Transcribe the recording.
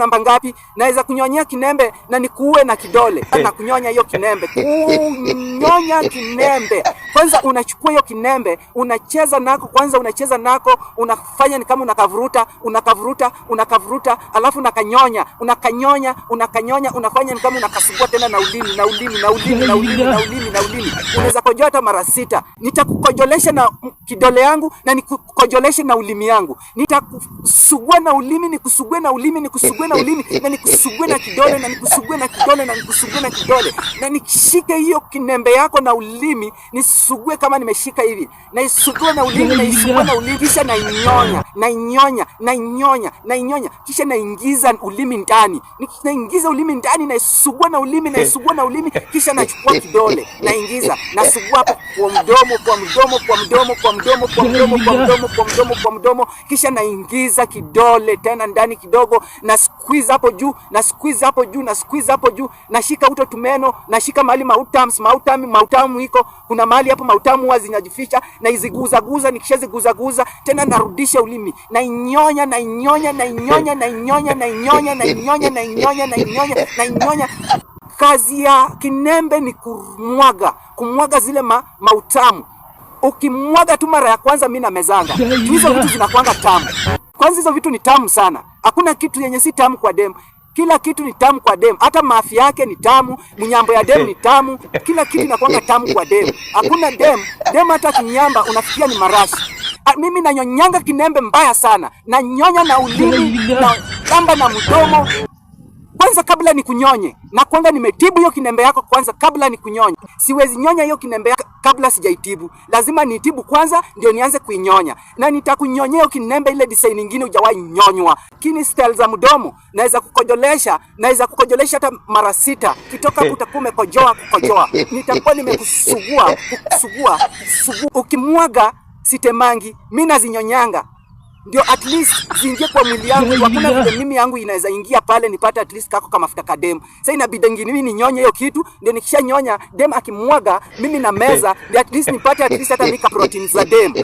Namba ngapi? Naweza kunyonyea kinembe na nikuue na kidole eh. na kunyonya hiyo kinembe, kunyonya kinembe kwanza unachukua hiyo kinembe unacheza nako, kwanza unacheza nako, unafanya ni kama unakavuruta, unakavuruta, unakavuruta, alafu unakanyonya, unakanyonya, unakanyonya, unafanya ni kama unakasugua tena na ulimi na ulimi na ulimi na ulimi na ulimi na ulimi. Unaweza kojoa hata mara sita. Nitakukojolesha na kidole yangu na nikukojoleshe na ulimi yangu, nitakusugua na ulimi, nikusugue na ulimi, nikusugue na ulimi na nikusugue na kidole na nikusugue na kidole na nikusugue na kidole na nikishike hiyo kinembe yako na ulimi ni naisugue kama nimeshika hivi, naisugue na ulimi, naisugue na ulimi, kisha nainyonya, nainyonya, nainyonya, nainyonya, kisha naingiza ulimi ndani, naingiza ulimi ndani, naisugua na ulimi, naisugua na ulimi, kisha nachukua kidole, naingiza, nasugua hapo kwa mdomo, kwa mdomo, kwa mdomo, kwa mdomo, kwa mdomo, kwa mdomo, kwa mdomo, kwa mdomo, kisha naingiza kidole tena ndani kidogo, na squeeze hapo juu, na squeeze hapo juu, na squeeze hapo juu, nashika uto tumeno, nashika mahali mautams, mautami, mautamu iko kuna mahali hapo mautamu huwa zinajificha, na iziguza guza, guza tena narudisha ulimi na inyonya na inyonya na inyonya na inyonya na inyonya na inyonya na inyonya na inyonya na inyonya. Kazi ya kinembe ni kumwaga, kumwaga zile ma, mautamu. Ukimwaga tu mara ya kwanza, mi namezanga hizo vitu, zinakwanga tamu. Kwanza hizo vitu ni tamu sana, hakuna kitu yenye si tamu kwa demu. Kila kitu ni tamu kwa demu, hata mafi yake ni tamu, mnyambo ya demu ni tamu, kila kitu inakwanga tamu kwa demu. Hakuna demu demu hata kinyamba unafikia ni marashi. A, ah, mimi nanyonyanga kinembe mbaya sana, nanyonya na ulimi na kamba na mdomo kwanza kabla ni kunyonye, na kwanga nimetibu hiyo kinembe yako kwanza kabla ni kunyonye. Siwezi nyonya hiyo kinembe yako kabla sijaitibu. Lazima niitibu kwanza ndio nianze kuinyonya. Na nitakunyonyea ukinembe ile design nyingine hujawahi nyonywa. Kini style za mdomo naweza kukojolesha, naweza kukojolesha hata mara sita. Kitoka utakuwa umekojoa kukojoa. Nitakuwa nimekusugua, kusugua, Ukimwaga sitemangi, mimi nazinyonyanga ndio at least ziingie kwa mwili yangu. Hakuna vile mimi yangu inaweza ingia pale nipate at least kako kama mafuta ka dem. Sasa inabidi ngini mimi ninyonye hiyo kitu, ndio nikishanyonya dem akimwaga mimi na meza, ndio at least nipate at least hata mika protein za dem.